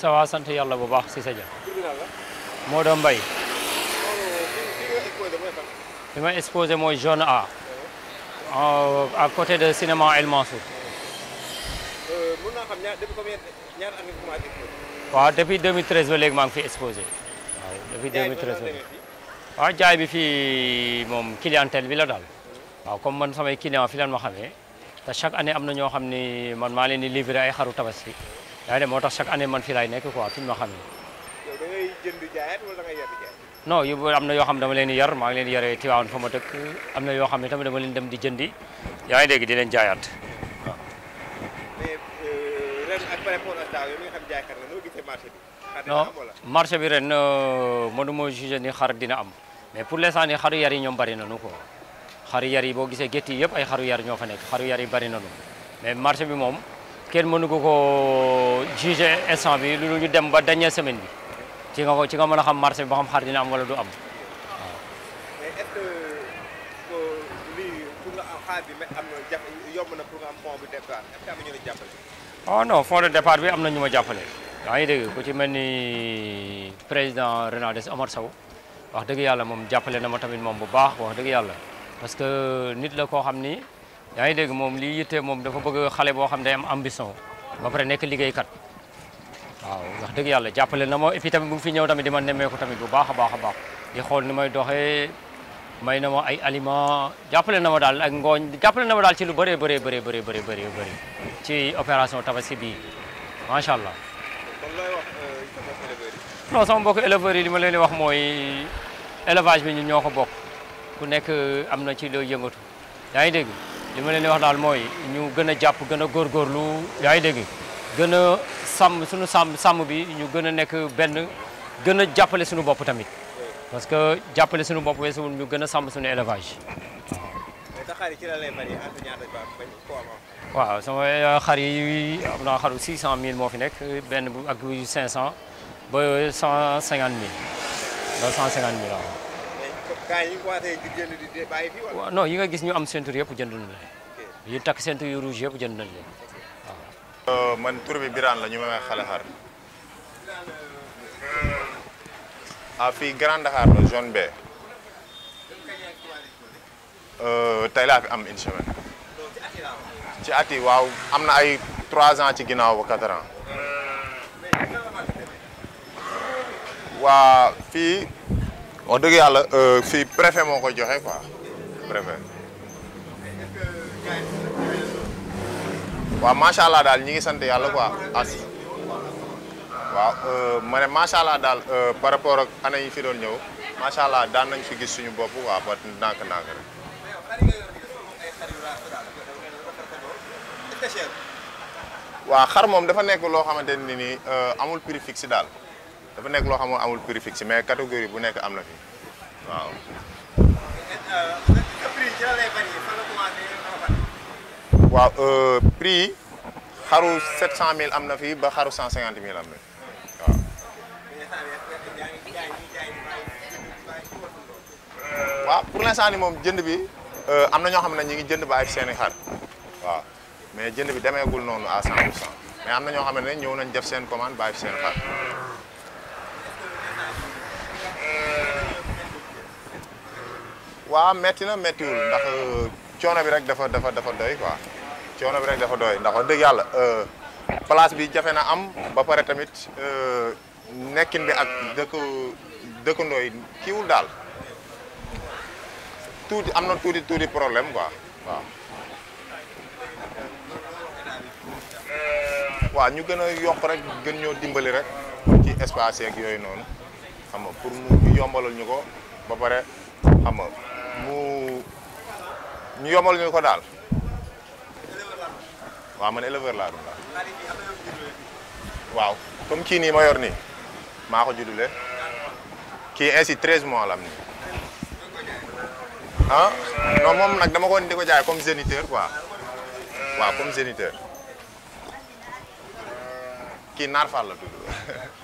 ça va sant yàlla bu baax si sa jàmm. moo doon mbay. li ma exposé mooy zone A. à côté de cinéma El Mansour. mën naa xam ñaar depuis combien ñaar at nga 2013 ba léegi exposé. depuis 2013 ba léegi. waaw clientèle bi comme man samay client fi lan ma xamee. chaque année am na ñoo man maa leen di ay xaru tabaski. yaa ngi moo tax chaque année man fii laay nekk quoi fi ñu ma xamee. yow da jënd jaayaat wala da ngay yar jaay. non yu am na yoo xam ne dama leen di yar maa ngi leen yare yaree Tivaouane fa ma dëkk e am na yoo xam ne tamit dama leen dem di jëndi yaa ngi e dégg di leen jaayaat waaw. mais ren ak par rapport ak daaw yow nga xam jaaykat nga noo marché bi. xar dina am wala non marché bi ren mënuma jugé ni xar dina am mais pour l'instant ni yi ñoom bari nañu ko xaru yar yi boo gisee gétt yi yëpp ay xaru ñoo fa nekk xaru yi bari nañu kenn mënu ko koo juger instant bi lu ñu dem ba dernière semaine bi ci nga ci nga mën a xam marché bi ba xam xar dina am wala du am. oh non fond de départ bi am na ñu ma jàppale yaa ngi dégg ku ci mel ni président Renades Omar Sow wax dëgg yàlla moom jàppale na ma tamit moom bu baax wax dëgg yàlla parce que nit la koo xam ni yaa ngi dégg moom lii yitte moom dafa bëgg xale boo xam ne day am ambition ba pare nekk liggéeykat waaw wax dëgg yàlla jàppale na ma et puis tamit bu fi ñëw tamit di ma nemmeeku tamit bu baax a baax a baax di xool ni may doxee may na moo ay aliment jàppale na ma daal ak ngooñ jàppale na ma daal ci lu bëree bëree bëree bëree bëree bëree bëri ci opération tabaski bii macha allah. non sama mbokk éleveurs yi li ma leen di wax mooy élevage bi ñu ñoo ko bokk ku nekk am na ci loo yëngatu yaa ngi dégg. li ma leen di wax daal mooy ñu gën a jàpp gën a góorgóorlu yaa ngi dégg gën a sàmm suñu sàmm sàmm bi ñu gën a nekk benn gën a jàppale suñu bopp tamit parce que jàppale suñu bopp weesuwul ñu gën a sàmm suñu élevage waaw sama euh, xar yi am naa xaru 600000 moo fi nekk benn bu ak 500 ba 150000 ba 150000 waaw temps yi commencé di non yi nga gis ñu am ceinture yëpp jënd nañ leen. yi takk ceinture yu rouge yëpp jënd na leen waaw. Euh, man tur bi la ñu may xale xar. ah fii Grand Dakar la zone B. Euh, tey laa fi am une semaine. ci ati yi waaw am na ay trois ans ci ginnaaw ba 4 ans. waa fii. wax dëgg yàlla euh, fii préfet moo ko joxe quoi préfet. waaw macha allah daal ñi ngi sant yàlla quoi as. waaw euh, ma ne macha allah daal euh, par rapport ak année yi fi doon ñëw macha allah daan nañ fi gis suñu bopp waa ba nànk-nànk rek. waaw xar moom dafa nekk loo xamante ni nii amul prix fixe daal. dafa nekk loo xam ne amul prix fixe mais catégorie bu nekk am na fi waaw. waaw euh, prix yi xaru 700000 am na fi ba xaru 150000 am na fi waaw. pour l'instant ni moom jënd bi euh, am na ñoo xam ne ñu ngi jënd ba ak seeni xar waaw mais jënd bi demeegul noonu à 100 pour cent mais am na ñoo xam ne ñëw nañ def seen commande ba ak seen xar. waa metti na méttiwul ndax euh, coono bi rek dafa dafa dafa doy quoi coono bi rek dafa doy ndax wax dëgg yàlla euh, place bi jafe na am ba pare tamit euh, nekkin bi ak dëkk dëkkandoo yi kiiwul daal tuuti am na tuuti tuuti problème quoi waa ñu gën a yokk rek gën ñoo dimbali rek ci espace yeeg yooyu noonu xam nga pour mu yombalal ñu ko ba pare xam mu ñu yomal ñu ko daal waaw man éleveur laa doon waaw comme kii nii mayor ni nii maa ko juddule kii ainsi mois la am nii ah non moom nag dama ko di ko jaay comme géniteur quoi waaw comme géniteur kii Naar Fall la tudd